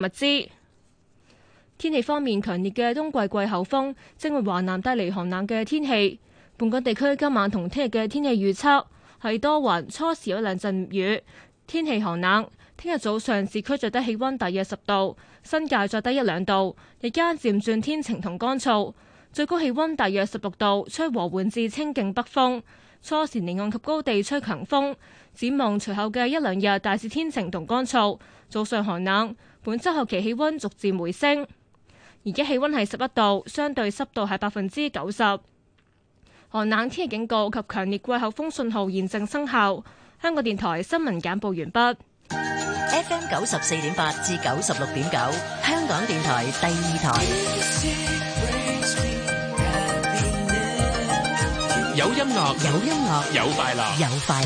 物資天氣方面，強烈嘅冬季季候風正為華南帶嚟寒冷嘅天氣。本港地區今晚同聽日嘅天氣預測係多雲，初時有兩陣雨，天氣寒冷。聽日早上市區最低氣溫大約十度，新界再低一兩度。日間漸轉天晴同乾燥，最高氣溫大約十六度，吹和緩至清勁北風。初時沿岸及高地吹強風。展望隨後嘅一兩日，大致天晴同乾燥，早上寒冷。本周後期氣溫逐漸回升。而家氣溫係十一度，相對濕度係百分之九十。寒冷天氣警告及強烈季候風信號現正生效。香港電台新聞簡報完畢。FM 九十四點八至九十六點九，香港電台第二台。音樂有音樂，有音樂，有快樂，有快樂。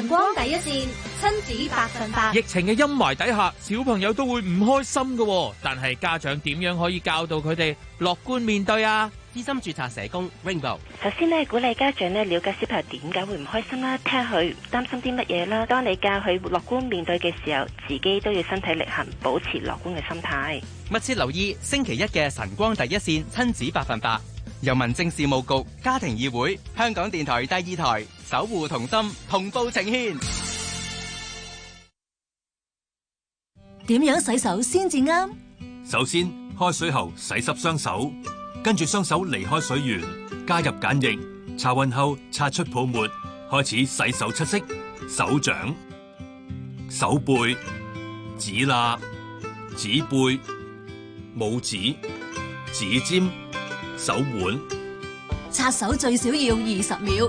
晨光第一線親子百分百，疫情嘅陰霾底下，小朋友都會唔開心嘅。但係家長點樣可以教到佢哋樂觀面對啊？資深注冊社工 Rainbow，首先呢，鼓勵家長呢，了解小朋友點解會唔開心啦，聽佢擔心啲乜嘢啦。當你教佢樂觀面對嘅時候，自己都要身體力行，保持樂觀嘅心態。密切留意星期一嘅晨光第一線親子百分百，由民政事務局、家庭議會、香港電台第二台。守護同心，同步呈現。點樣洗手先至啱？首先，開水喉，洗濕雙手，跟住雙手離開水源，加入鹼液，擦勻後擦出泡沫，開始洗手七式：手掌、手背、指罅、指背、拇指、指尖、手腕。擦手最少要二十秒。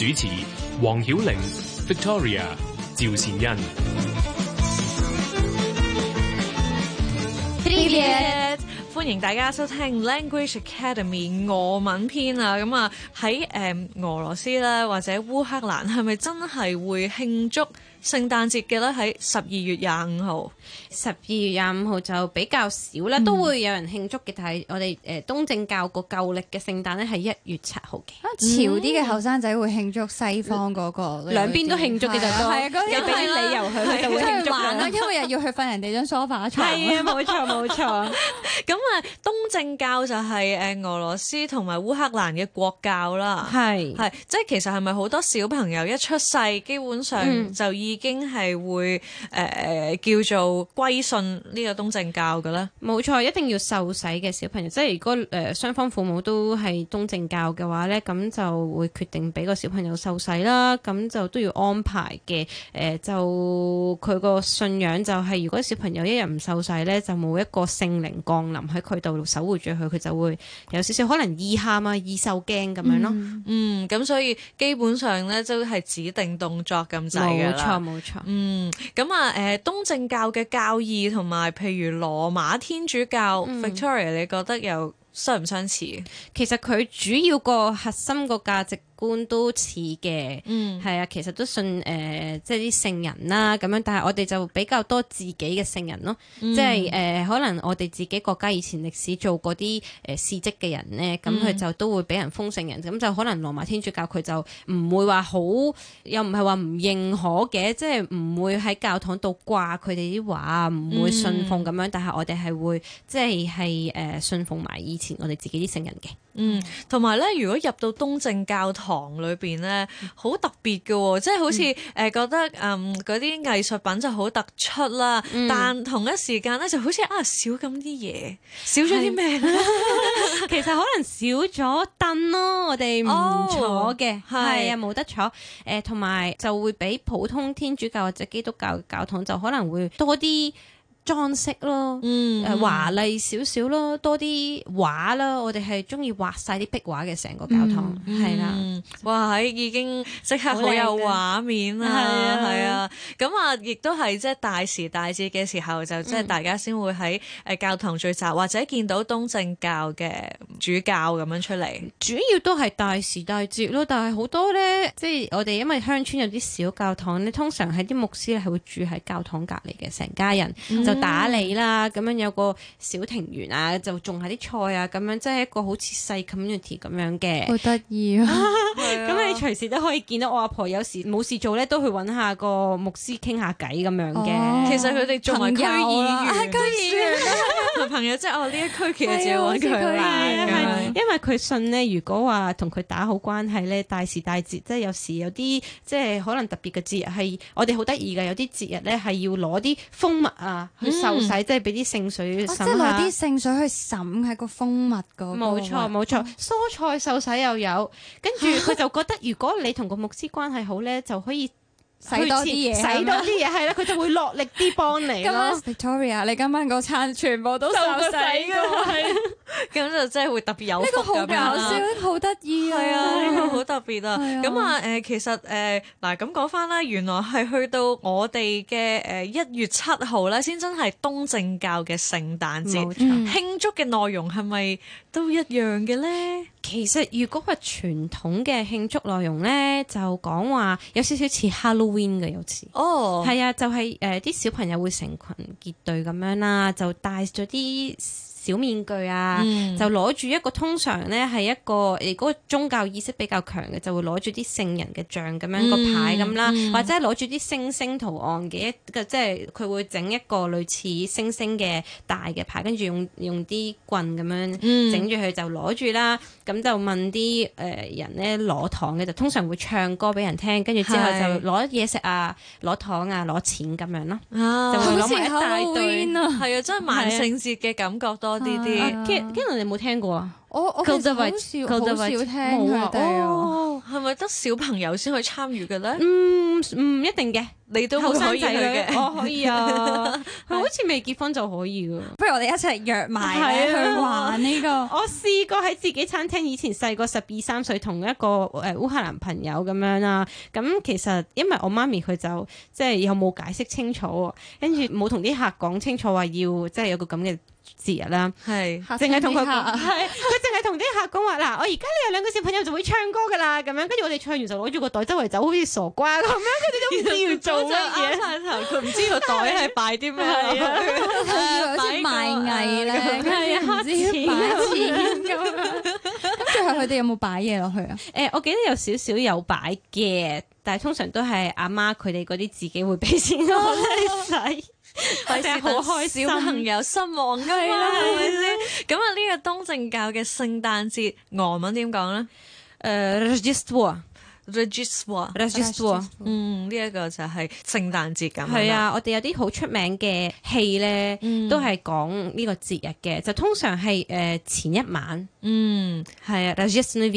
主持：黃曉玲、Victoria、趙善恩。歡迎大家收聽 Language Academy 俄文篇啊！咁啊，喺誒俄羅斯咧或者烏克蘭，係咪真係會慶祝？聖誕節嘅咧，喺十二月廿五號。十二月廿五號就比較少咧，都會有人慶祝嘅。但係我哋誒東正教個舊歷嘅聖誕咧，係一月七號嘅。潮啲嘅後生仔會慶祝西方嗰個，兩邊都慶祝嘅就多。係啊，嗰啲俾啲理由佢，佢就會慶祝啦。因為又要去瞓人哋張梳化床。係啊，冇錯冇錯。咁啊，東正教就係誒俄羅斯同埋烏克蘭嘅國教啦。係係，即係其實係咪好多小朋友一出世，基本上就已經係會誒、呃、叫做歸信呢個東正教㗎啦。冇錯，一定要受洗嘅小朋友，即係如果誒雙、呃、方父母都係東正教嘅話咧，咁就會決定俾個小朋友受洗啦。咁就都要安排嘅，誒、呃、就佢個信仰就係、是，如果小朋友一日唔受洗咧，就冇一個聖靈降臨喺佢度守護住佢，佢就會有少少可能易喊啊、易受驚咁、啊嗯、樣咯。嗯，咁所以基本上咧都係指定動作咁就。噶啦。冇錯，嗯，咁啊，誒、呃、東正教嘅教義同埋，譬如羅馬天主教，Victoria，嗯，你覺得有相唔相似？其實佢主要個核心個價值。官都似嘅，嗯，係啊，其實都信誒、呃、即係啲聖人啦咁樣，但係我哋就比較多自己嘅聖人咯，嗯、即係誒、呃、可能我哋自己國家以前歷史做過啲誒、呃、事蹟嘅人咧，咁佢就都會俾人封聖人，咁就可能羅馬天主教佢就唔會話好，又唔係話唔認可嘅，即係唔會喺教堂度掛佢哋啲畫，唔會信奉咁樣，嗯、但係我哋係會即係係誒信奉埋以前我哋自己啲聖人嘅。嗯，同埋咧，如果入到東正教堂。堂裏邊咧好特別嘅，哦，即係好似誒、嗯呃、覺得嗯嗰啲藝術品就好突出啦，嗯、但同一時間咧就好似啊少咁啲嘢，少咗啲咩咧？是 其實可能少咗凳咯，我哋唔坐嘅，係啊冇得坐，誒同埋就會比普通天主教或者基督教教堂就可能會多啲。裝飾咯，誒、嗯呃、華麗少少咯，多啲畫啦。嗯、我哋係中意畫晒啲壁畫嘅成個教堂，係、嗯嗯、啦，哇！喺已經即刻好有畫面啦，係啊，咁啊，啊，亦都係即係大時大節嘅時候，就即係大家先會喺誒教堂聚集，嗯、或者見到東正教嘅主教咁樣出嚟。主要都係大時大節咯，但係好多咧，即、就、係、是、我哋因為鄉村有啲小教堂咧，通常喺啲牧師係會住喺教堂隔離嘅成家人、嗯。嗯就、嗯、打理啦，咁樣有個小庭園啊，就種下啲菜啊，咁樣即係一個好似細 community 咁樣嘅，好得意啊！咁、 啊、 你隨時都可以見到我阿婆，有時冇事做咧，都去揾下個牧師傾下偈咁樣嘅。哦、其實佢哋仲係區議員啊， 了 朋友即係我呢一區，其實就係揾佢。因為佢信咧，如果話同佢打好關係咧，大時大節，即、就、係、是、有時有啲即係可能特別嘅節日，係我哋好得意嘅。有啲節日咧，係要攞啲蜂蜜啊。去受洗，即係俾啲聖水。哦，即係攞啲聖水去滲喺個蜂蜜度，冇錯冇錯，蔬菜受洗又有。跟住佢就覺得，如果你同個牧師關係好咧，就可以。使多啲嘢，使多啲嘢，係啦嗎，佢 就會落力啲幫你咯。Victoria，你今晚嗰餐全部都受洗噶嘛？咁 就真係會特別有福。呢個好搞笑，吧好得意啊！呢、啊呢個好特別啊！咁啊，誒、呃，其實誒，嗱、呃，咁講翻啦，原來係去到我哋嘅誒一月七號咧，先真係東正教嘅聖誕節錯、嗯、慶祝嘅內容係咪都一樣嘅咧？其實如果係傳統嘅慶祝內容咧，就講話有少少似 win 嘅有次，係啊、哦，就係、是、誒，啲、呃、小朋友會成群結隊咁樣啦，就帶咗啲。小面具啊，嗯、就攞住一個通常咧係一個誒個宗教意識比較強嘅，就會攞住啲聖人嘅像咁樣、嗯、個牌咁啦，嗯、或者攞住啲星星圖案嘅一個，即係佢會整一個類似星星嘅大嘅牌，跟住用用啲棍咁樣整住佢就攞住啦。咁就問啲誒、呃、人咧攞糖嘅就通常會唱歌俾人聽，跟住之後就攞嘢食啊，攞糖啊，攞錢咁樣咯。就好似一大堆、哦、啊，係啊，真係萬聖節嘅感覺多。啲啲，Ken，Ken，你有冇聽過啊？我我好少好少聽佢哋，係咪得小朋友先可以參與嘅咧？嗯嗯，一定嘅，你都好可以嘅，我可以啊。佢好似未結婚就可以嘅，不如我哋一齊約埋去玩呢個。我試過喺自己餐廳，以前細個十二三歲，同一個誒烏克蘭朋友咁樣啦。咁其實因為我媽咪佢就即係又冇解釋清楚，跟住冇同啲客講清楚話要即係有個咁嘅。節日啦，係淨係同佢講，佢淨係同啲客講話，嗱，我而家你有兩個小朋友就會唱歌噶啦，咁樣，跟住我哋唱完就攞住個袋周圍走，好似傻瓜咁樣，佢哋都唔知要做乜嘢。頭佢唔知個袋係擺啲咩啊？擺賣藝咧，跟住唔知擺錢咁樣。咁最後佢哋有冇擺嘢落去啊？誒，我記得有少少有擺嘅，但係通常都係阿媽佢哋嗰啲自己會俾錢我哋使。係好開小朋友失望噶嘛，係咪先？咁啊，呢個東正教嘅聖誕節俄文點講咧？誒 Registwar，Registwar，Registwar 嗯，呢、這、一個就係聖誕節咁。係啊，我哋有啲好出名嘅戲咧，嗯、都係講呢個節日嘅，就通常係誒前一晚。嗯，係啊 r e g i s t n a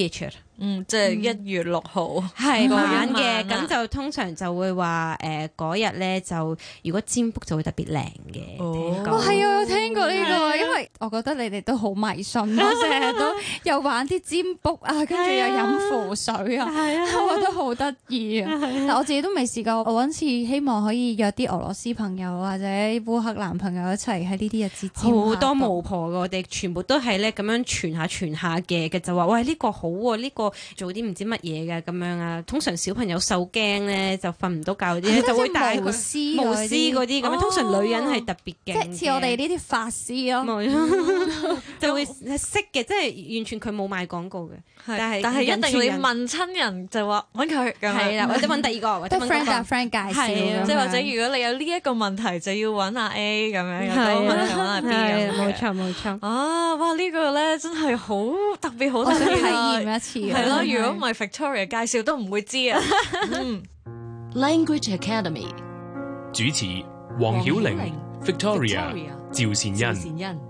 嗯，即係一月六號係玩嘅，咁就通常就會話誒嗰日咧就如果占卜就會特別靚嘅。哦，係啊，我聽過呢個，因為我覺得你哋都好迷信咯，成日都又玩啲占卜啊，跟住又飲符水啊，我覺得好得意啊。但係我自己都未試過，我搵次希望可以約啲俄羅斯朋友或者烏克蘭朋友一齊喺呢啲日子占卜。好多巫婆嘅，我哋全部都係咧咁樣傳下傳下嘅，嘅就話喂呢個好喎，呢個。做啲唔知乜嘢嘅咁樣啊，通常小朋友受驚咧就瞓唔到覺，啲就會帶巫師、巫師嗰啲咁。通常女人係特別驚，即係似我哋呢啲法師咯，就會識嘅，即係完全佢冇賣廣告嘅。但係但係一定要問親人，就話搵佢咁樣，係啦，或者搵第二個，或者 friend 介 friend 介紹，即係或者如果你有呢一個問題，就要搵阿 A 咁樣，又都冇錯冇錯。啊，哇！呢個咧真係好特別，好想體驗一次。係咯，如果唔係 Victoria 介紹都唔會知啊。Language Academy 主持：黃曉玲、Victoria、趙善恩。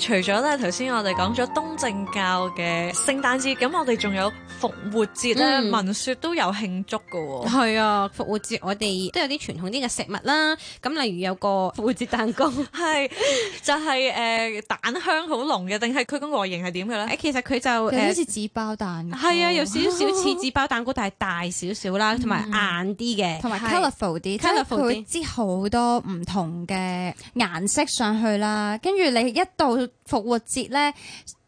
除咗咧，頭先我哋講咗東正教嘅聖誕節，咁我哋仲有。復活節咧，嗯、聞說都有慶祝噶喎、哦。係啊，復活節我哋都有啲傳統啲嘅食物啦。咁例如有個復活節蛋糕，係 就係、是、誒、呃、蛋香好濃嘅，定係佢個外形係點嘅咧？誒，其實佢就好似紙包蛋，係啊，有少少似紙包蛋糕，但係大少少啦，是同埋硬啲嘅，同埋 colorful 啲，即係佢知好多唔同嘅顏色上去啦。跟住你一到復活節咧。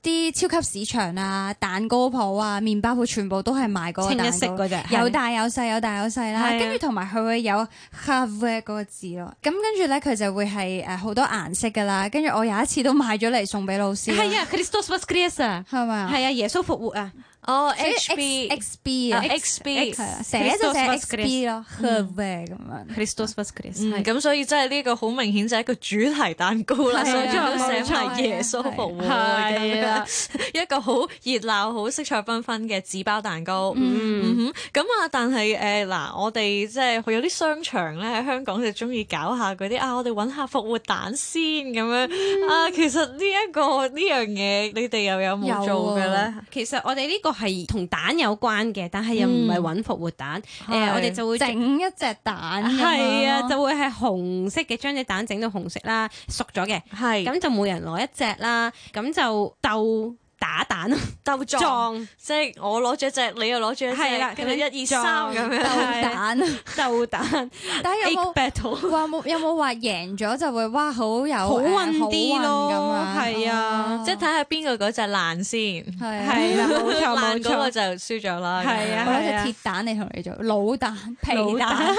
啲超級市場啊、蛋糕鋪啊、麵包鋪全部都係賣嗰個蛋糕，清色嗰個、有大有細，有大有細啦是的、那個。跟住同埋佢會有 Havre 嗰個字咯。咁跟住咧，佢就會係誒好多顏色噶啦。跟住我有一次都買咗嚟送俾老師。係啊，Christus Rescres 啊，係咪係啊？耶穌復活啊！哦 h B X B 啊，X B，寫就寫 X B 咯，呵喂咁樣。Christus vs Christ，oh, 嗯，咁所以真係呢個好明顯就係一個主題蛋糕啦，所以都寫埋耶穌復活嘅。係啊，一個好熱鬧、好色彩繽紛嘅紙包蛋糕。yeah. 嗯哼，咁啊，但係誒嗱，我哋即係有啲商場咧喺香港就中意搞下嗰啲啊，我哋揾下復活蛋先咁樣。啊，其實呢、這、一個呢樣嘢，這個、你哋、啊、 又有冇做㗎咧？其實我哋呢個。係同蛋有關嘅，但係又唔係搵復活蛋，誒，我哋就會整一隻蛋，係啊，就會係紅色嘅，將隻蛋整到紅色啦，熟咗嘅，係，咁就每人攞一隻啦，咁就鬥。打蛋、鬥撞，即係我攞咗一隻，你又攞住一隻，跟住一二三咁樣。鬥蛋、鬥蛋，但係有冇話有冇話贏咗就會哇好有好運啲咯？係啊，即係睇下邊個嗰隻爛先。係啊，冇錯，爛個就輸咗啦。係啊，係啊，鐵蛋你同你做，老蛋皮蛋。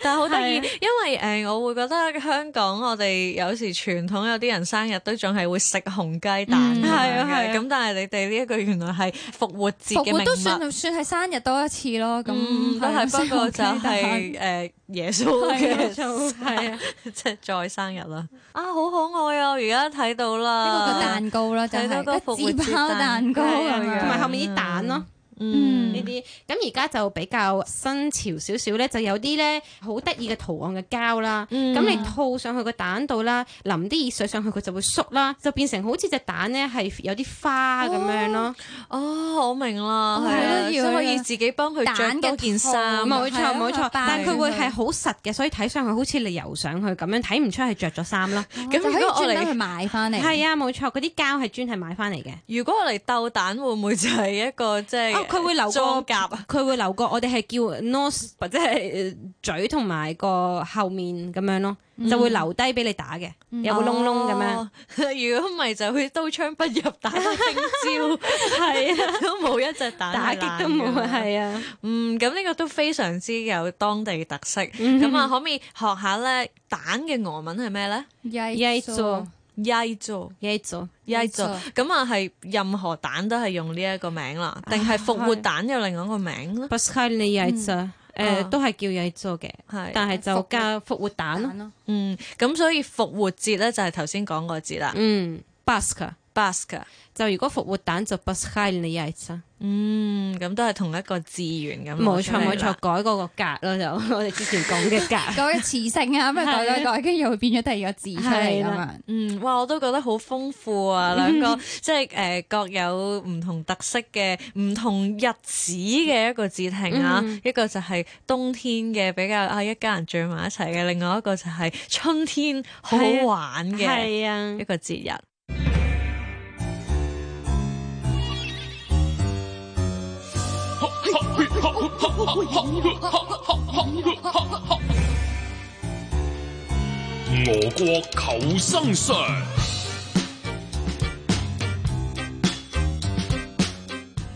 但係好得意，因為誒，我會覺得香港我哋有時傳統有啲人生日都仲係會食紅雞蛋咁樣嘅，咁但係你哋呢一個原來係復活節嘅名物，都算算係生日多一次咯，咁都係。不過就係誒耶穌嘅，係啊，即係再生日啦。啊，好可愛啊！而家睇到啦，呢個蛋糕啦，就係個復活節蛋，同埋後面啲蛋咯。嗯，呢啲咁而家就比較新潮少少咧，就有啲咧好得意嘅圖案嘅膠啦。嗯。咁你套上去個蛋度啦，淋啲熱水上去佢就會縮啦，就變成好似隻蛋咧係有啲花咁樣咯。哦，哦，我明啦。係、哦、啊，先可以自己幫佢著嗰件衫。冇錯，冇對錯。對但佢會係好實嘅，所以睇上去好似你游上去咁樣，睇唔出係着咗衫咯。咁、哦、如果我嚟去買翻嚟，係啊，冇錯，嗰啲膠係專係買翻嚟嘅。如果我嚟鬥蛋，會唔會就係一個即係？Okay. 佢會留裝甲，佢會留個，我哋係叫 nose 或者係嘴同埋個後面咁樣咯，嗯、就會留低俾你打嘅，有冇窿窿咁樣、哦？如果唔係就去刀槍不入，啊、打到精招，係啊，都冇一隻蛋，打擊都冇啊，係啊，嗯，咁呢個都非常之有當地嘅特色，咁、嗯、啊可唔可以學下咧蛋嘅俄文係咩咧？Yayzo。y a 伊祖，伊祖，咁啊係任何蛋都係用呢一個名啦，定係復活蛋有另一個名咧？Pascal，伊 a 誒，za，嗯呃啊、都係叫伊祖嘅，係，但係就叫復活蛋咯。蛋啊、嗯，咁所以復活節咧就係頭先講個節啦。嗯 Pascal bus 噶，Bas 就如果復活蛋就 bus high 你又係嗯，咁都係同一個字源噶冇錯冇錯，改嗰個格咯就，我哋之前講嘅格， 改嘅詞性啊咩改、那個、啊改、那個、改，跟住又會變咗第二個字出嚟咁樣，嗯，哇，我都覺得好豐富啊，兩個 即係誒、呃、各有唔同特色嘅唔同日子嘅一個節慶啊， 一個就係冬天嘅比較啊一家人聚埋一齊嘅，另外一個就係春天好好玩嘅、啊、 一個節日，日。俄國求生術。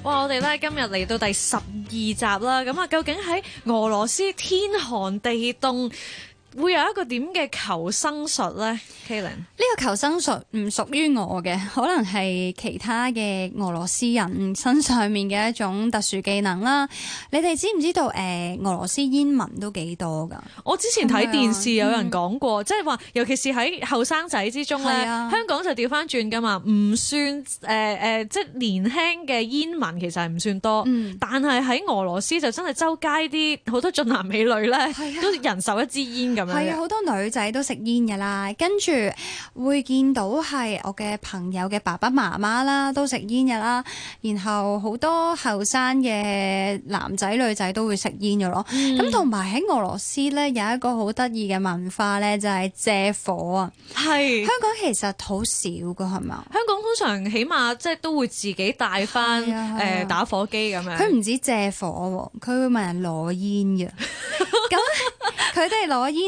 哇， 我哋咧今日嚟到第十二集啦，咁啊，究竟喺俄羅斯天寒地凍，會有一個點嘅求生術呢？Kalen 呢個求生術唔屬於我嘅，可能係其他嘅俄羅斯人身上面嘅一種特殊技能啦。你哋知唔知道？誒、呃，俄羅斯煙民都幾多噶？我之前睇電視，有人講過，即係話，尤其是喺後生仔之中咧，嗯、香港就調翻轉噶嘛，唔算誒誒、呃，即係年輕嘅煙民其實係唔算多，嗯、但係喺俄羅斯就真係周街啲好多俊男美女咧，都人手一支煙咁。係啊，好多女仔都食煙嘅啦，跟住會見到係我嘅朋友嘅爸爸媽媽啦，都食煙嘅啦。然後好多後生嘅男仔女仔都會食煙嘅咯。咁同埋喺俄羅斯咧有一個好得意嘅文化咧，就係、是、借火啊。係是香港其實好少噶，係咪？香港通常起碼即係都會自己帶翻誒、啊呃、打火機咁樣。佢唔止借火喎，佢會問人攞煙嘅。咁佢哋攞煙。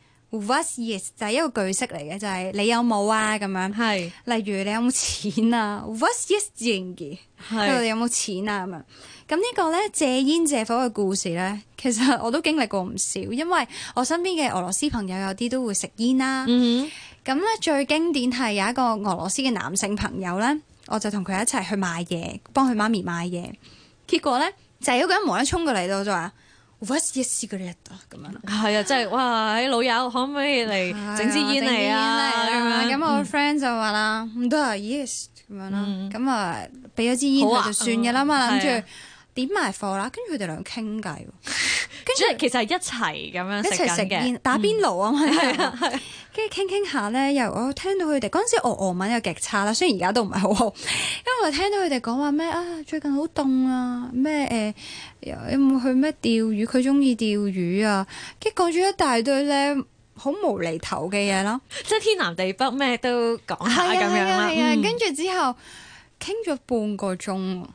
What's yes 就係一個句式嚟嘅，就係、是、你有冇啊咁樣。係是，例如你有冇錢啊？What's yes，你有冇錢啊咁樣。咁呢個咧借煙借火嘅故事咧，其實我都經歷過唔少，因為我身邊嘅俄羅斯朋友有啲都會食煙啦。咁咧、mm hmm. 最經典係有一個俄羅斯嘅男性朋友咧，我就同佢一齊去買嘢，幫佢媽咪買嘢，結果咧就係嗰個人忙得衝過嚟到就話。What's your cigarette？咁樣咯，係 啊，真係哇！啲老友可唔可以嚟整支煙嚟啊？咁、啊、樣，咁我個 friend 就話啦，唔得 yes 咁樣啦，咁啊，俾咗支煙佢就算嘅啦嘛，諗住、啊。 點埋貨啦，跟住佢哋兩傾偈，跟住其實係一齊咁樣一齊食嘢，打邊爐啊嘛，跟住傾傾下咧，又我聽到佢哋嗰陣時我俄文又極差啦，雖然而家都唔係好好，因為聽到佢哋講話咩啊最近好凍啊咩誒有冇去咩釣魚？佢中意釣魚啊，跟住講咗一大堆咧，好無厘頭嘅嘢啦，即係天南地北咩都講下咁樣啦。跟住之後傾咗半個鐘。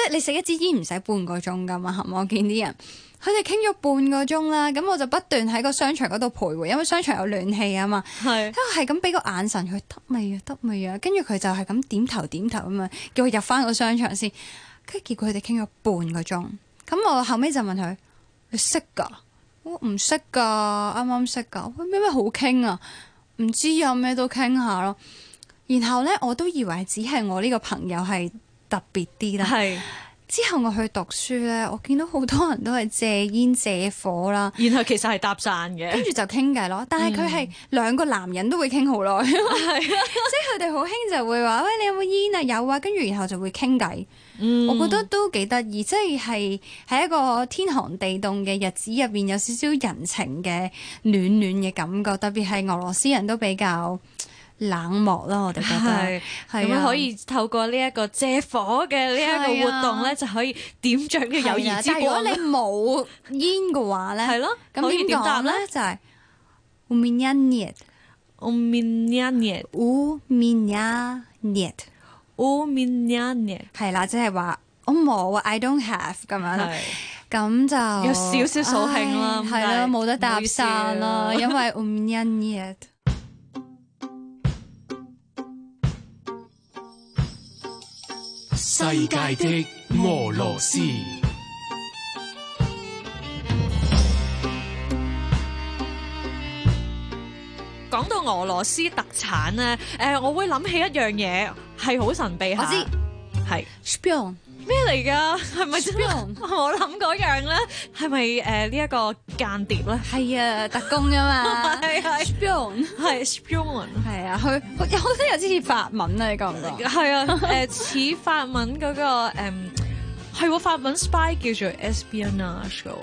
即係你食一支煙唔使半個鐘噶嘛，我見啲人，佢哋傾咗半個鐘啦，咁我就不斷喺個商場嗰度徘徊，因為商場有暖氣啊嘛，啊係咁俾個眼神佢，得未啊？得未啊？跟住佢就係咁點頭點頭咁樣，叫佢入翻個商場先，跟住結果佢哋傾咗半個鐘，咁我後尾就問佢，你識噶？我唔識噶，啱啱識噶，咩咩好傾啊？唔知啊，咩都傾下咯。然後咧，我都以為只係我呢個朋友係。特別啲啦，係是之後我去讀書咧，我見到好多人都係借煙借火啦，然後其實係搭訕嘅，跟住就傾偈咯。但係佢係兩個男人都會傾好耐，即係佢哋好興就會話：喂，你有冇煙啊？有啊，跟住然後就會傾偈。嗯，我覺得都幾得意，即係係喺一個天寒地凍嘅日子入邊，有少少人情嘅暖暖嘅感覺。特別係俄羅斯人都比較，冷漠啦，我哋覺得係，咁樣可以透過呢一個借火嘅呢一個活動咧，就可以點著嘅友誼。如果你冇煙嘅話咧，係咯，可以點答咧？就係唔咪因熱，唔咪因熱，唔咪因熱，唔咪因熱，係啦，即係話我冇，I don't have 咁樣，咁就有少少掃興啦，係咯，冇得搭訕啦，因為唔因熱。世界的俄羅斯，講到俄羅斯特產咧，誒，我會諗起一樣嘢係好神秘吓，係。是咩嚟噶？係咪 Spion？我諗嗰樣咧，係咪誒呢一個間諜咧？係啊，特工噶嘛，係啊，Spion，係 Spion，係啊，佢佢、佢、啊、有好似有啲似法文啊，你覺唔覺？係啊，誒、呃、似法文嗰、嗰個、嗯係喎，法文 spy 叫做 espionage 㗎，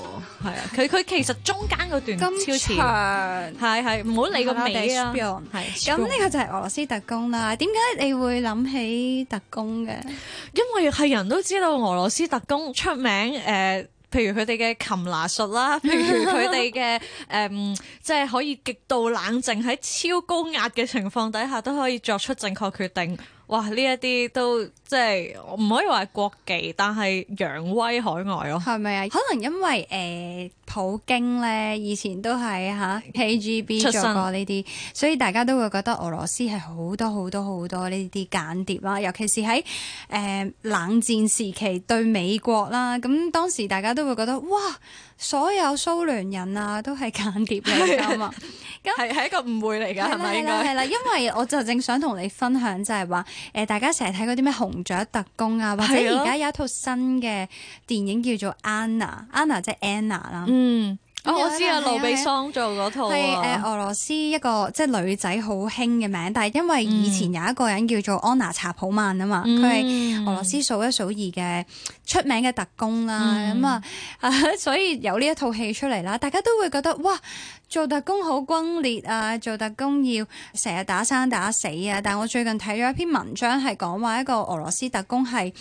係啊，佢佢其實中間嗰段超長，係係，唔好理個尾啊。係咁對，呢高個就係俄羅斯特工啦。點解你會諗起特工嘅？因為係人都知道俄羅斯特工出名，誒、呃，譬如佢哋嘅擒拿術啦，譬如佢哋嘅誒，即係、 嗯，就是、可以極度冷靜喺超高壓嘅情況底下都可以作出正確決定。哇！呢一啲都～即係唔可以話係國技，但係揚威海外咯、啊。係咪啊？可能因為誒、呃、普京咧，以前都係吓 KGB 做過呢啲，生所以大家都會覺得俄羅斯係好多好多好多呢啲間諜啦。尤其是喺誒、呃、冷戰時期對美國啦，咁當時大家都會覺得哇，所有蘇聯人啊都係間諜嚟㗎嘛。咁係係一個誤會嚟㗎，係咪 吧？係啦，因為我就正想同你分享就，就係話誒大家成日睇嗰啲咩紅。做一特工啊，或者而家有一套新嘅電影叫做 Anna，Anna Anna 即係 Anna 啦。嗯。哦、我知啊，露比桑做嗰套啊，係誒、okay. 呃、俄羅斯一個即係女仔好興嘅名，嗯、但係因為以前有一個人叫做安娜查普曼啊嘛，佢係、嗯、俄羅斯數一數二嘅出名嘅特工啦，咁、嗯、啊，所以有呢一套戲出嚟啦，大家都會覺得哇，做特工好轟烈啊，做特工要成日打生打死啊，嗯、但我最近睇咗一篇文章係講話一個俄羅斯特工係。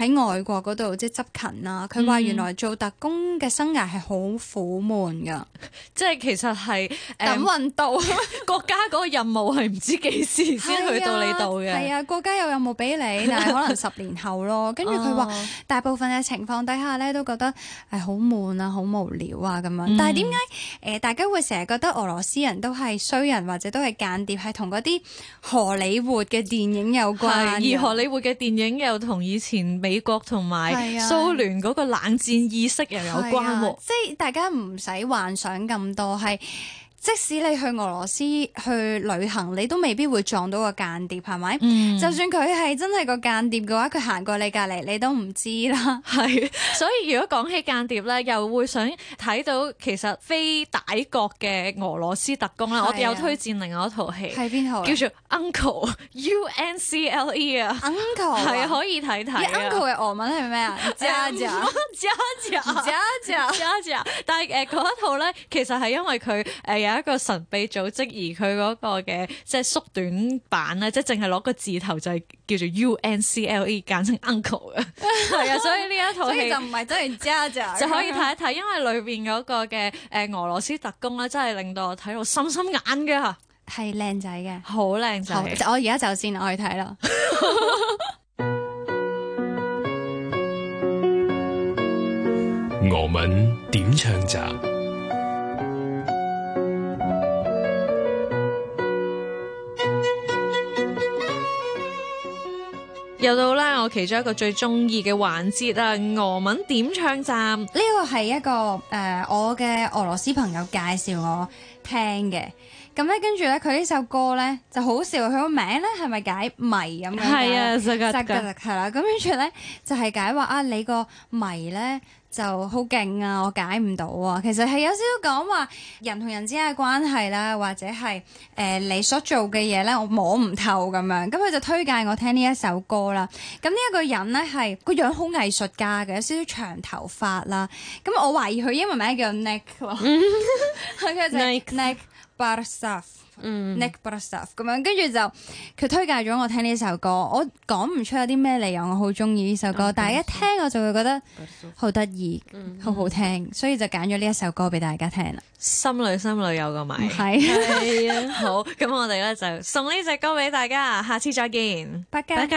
喺外國嗰度即係執勤啦、啊。佢話原來做特工嘅生涯係好苦悶噶、嗯，即係其實係、嗯、等運到 國家嗰個任務係唔知幾時先去到你度嘅。係啊，啊，國家有任務俾你， 但係可能十年後咯。跟住佢話大部分嘅情況底下咧，都覺得係好悶啊，好無聊啊咁樣。但係點解誒大家會成日覺得俄羅斯人都係衰人，或者都係間諜，係同嗰啲荷里活嘅電影有關？而荷里活嘅電影又同以前美國同埋蘇聯嗰個冷戰意識又有關喎的，啊、即係大家唔使幻想咁多，係。即使你去俄羅斯去旅行，你都未必會撞到個間諜，係咪？嗯、就算佢係真係個間諜嘅話，佢行過你隔籬，你都唔知啦。係，所以如果講起間諜咧，又會想睇到其實非大國嘅俄羅斯特工啦。是啊、我哋有推薦另外一套戲，係邊套？叫做 Uncle, U N C L E, Uncle U N C L E 啊，Uncle 係可以睇睇、啊。Uncle 嘅俄文係咩啊？Ja ja ja ja ja ja ja，但係誒嗰一套咧，其實係因為佢誒。呃有一個神秘組織，而佢嗰個嘅即係縮短版咧，即係淨係攞個字頭就係叫做 U N C L A，簡稱 Uncle 啊，係啊，所以呢一套戲就唔係得然之後就就可以睇一睇，因為裏邊嗰個嘅誒俄羅斯特工咧，真係令到我睇到心心眼嘅，吓，係靚仔嘅，好靚仔，我而家就先去睇啦。俄文點唱集。又到啦，我其中一個最中意嘅環節啊，俄文點唱站。呢個係一個誒、呃，我嘅俄羅斯朋友介紹我聽嘅。咁咧跟住咧佢呢首歌咧就好笑，佢個名咧係咪解謎咁樣？係 啊，真噶真噶係啦。咁跟住咧就係、是、解話啊，你個謎咧。就好勁啊！我解唔到啊！其實係有少少講話人同人之間嘅關係啦，或者係誒、呃、你所做嘅嘢咧，我摸唔透咁樣。咁佢就推介我聽呢一首歌啦。咁呢一個人咧係個樣好藝術家嘅，有少少長頭髮啦。咁、嗯、我懷疑佢英文名叫 Nick 跟 Nick bar 嗯 n e c k Bostaf 咁樣，跟住 就佢推介咗我聽呢首歌，我講唔出有啲咩理由我好中意呢首歌，Okay. 但係一聽我就會覺得好得意，嗯、好好聽，所以就揀咗呢一首歌俾大家聽。心裏心裏有個迷，係啊，好，咁我哋咧就送呢隻歌俾大家，下次再見，拜拜。拜拜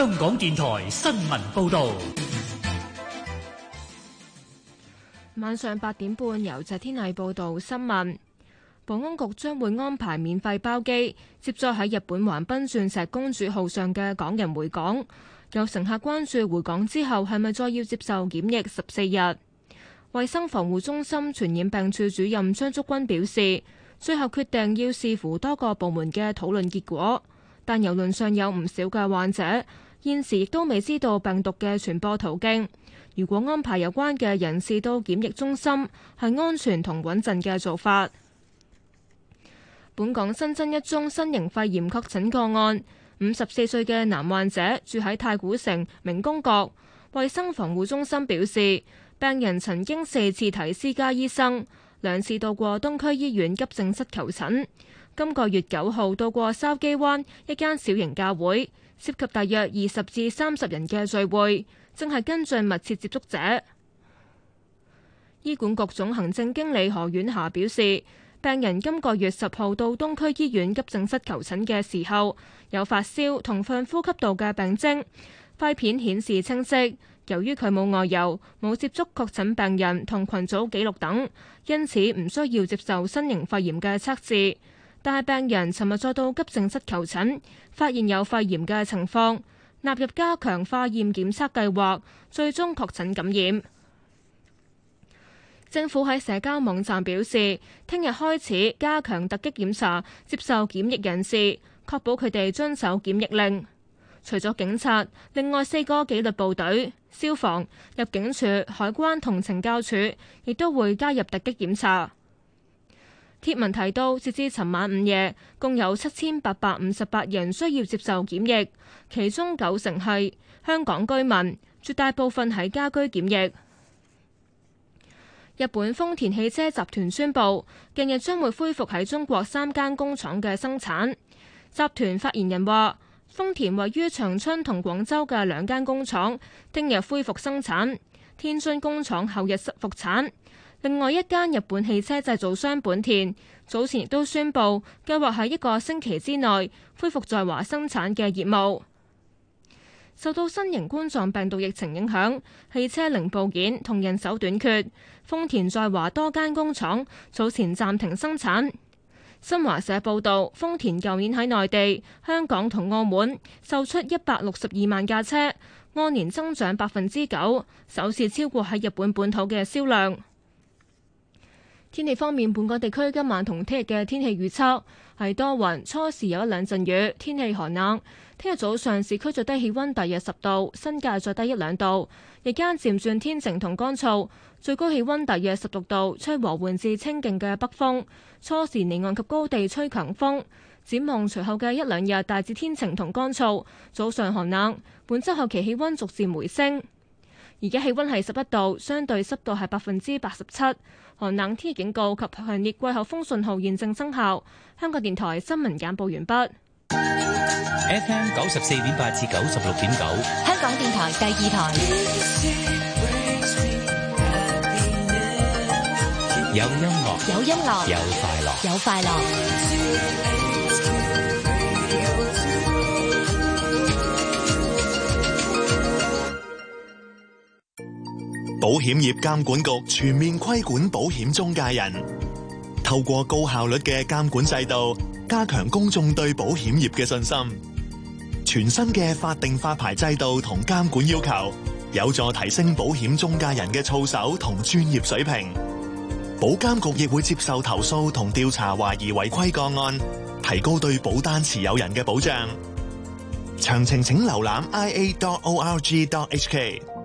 香港電台新聞報道，晚上八點半由謝天麗報道新聞。保安局將會安排免費包機接載喺日本橫濱鑽石公主號上嘅港人回港。有乘客關注回港之後係咪再要接受檢疫十四日？衛生防護中心傳染病處主任張竹君表示，最後決定要視乎多個部門嘅討論結果。但郵輪上有唔少嘅患者。現時亦都未知道病毒嘅傳播途徑。如果安排有關嘅人士到檢疫中心，係安全同穩陣嘅做法。本港新增一宗新型肺炎確診個案，五十四歲嘅男患者住喺太古城明宮閣。衛生防護中心表示，病人曾經四次睇私家醫生，兩次到過東區醫院急症室求診。今個月九號到過筲箕灣一間小型教會。涉及大約二十至三十人嘅聚會，正係跟進密切接觸者。醫管局總行政經理何婉霞表示，病人今個月十號到東區醫院急症室求診嘅時候，有發燒同上呼吸道嘅病徵，肺片顯示清晰。由於佢冇外遊、冇接觸確診病人同群組記錄等，因此唔需要接受新型肺炎嘅測試。但係，病人尋日再到急症室求診，發現有肺炎嘅情況，納入加強化驗檢測計劃，最終確診感染。政府喺社交網站表示，聽日開始加強突擊檢查，接受檢疫人士，確保佢哋遵守檢疫令。除咗警察，另外四個紀律部隊、消防、入境處、海關同懲教署，亦都會加入突擊檢查。帖文提到，截至尋晚午夜，共有七千八百五十八人需要接受檢疫，其中九成係香港居民，絕大部分係家居檢疫。日本豐田汽車集團宣布，近日將會恢復喺中國三間工廠嘅生產。集團發言人話，豐田位於長春同廣州嘅兩間工廠，聽日恢復生產，天津工廠後日復產。另外一間日本汽車製造商本田早前亦都宣布，計劃喺一個星期之內恢復在華生產嘅業務。受到新型冠狀病毒疫情影響，汽車零部件同人手短缺，豐田在華多間工廠早前暫停生產。新華社報道，豐田舊年喺內地、香港同澳門售出一百六十二萬架車，按年增長百分之九，首次超過喺日本本土嘅銷量。天氣方面，本港地區今晚同聽日嘅天氣預測係多雲，初時有一兩陣雨，天氣寒冷。聽日早上市區最低氣溫大約十度，新界再低一兩度。日間漸轉天晴同乾燥，最高氣溫大約十六度，吹和緩至清勁嘅北風。初時離岸及高地吹強風。展望隨後嘅一兩日，大致天晴同乾燥，早上寒冷。本周後期氣溫逐漸回升。而家氣溫係十一度，相對濕度係百分之八十七。寒冷天氣警告及強烈季候風信號現正生效。香港電台新聞簡報完畢。FM 九十四點八至九十六點九，香港電台第二台。有音樂，有音樂，有快樂，有快樂。保險業監管局全面規管保險中介人，透過高效率嘅監管制度，加強公眾對保險業嘅信心。全新嘅法定發牌制度同監管要求，有助提升保險中介人嘅操守同專業水平。保監局亦會接受投訴同調查懷疑違規個案，提高對保單持有人嘅保障。詳情請瀏覽 ia.org.hk。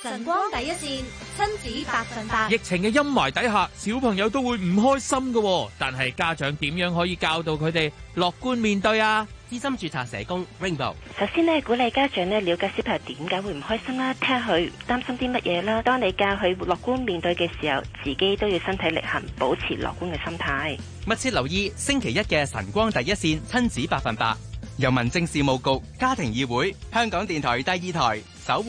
晨光第一線親子百分百，疫情嘅陰霾底下，小朋友都會唔開心嘅、哦。但係家長點樣可以教到佢哋樂觀面對啊？資深注冊社工 Rainbow，首先呢，鼓勵家長呢，了解小朋友點解會唔開心啦，聽佢擔心啲乜嘢啦。當你教佢樂觀面對嘅時候，自己都要身體力行，保持樂觀嘅心態。密切留意星期一嘅晨光第一線親子百分百，由民政事務局家庭議會，香港電台第二台。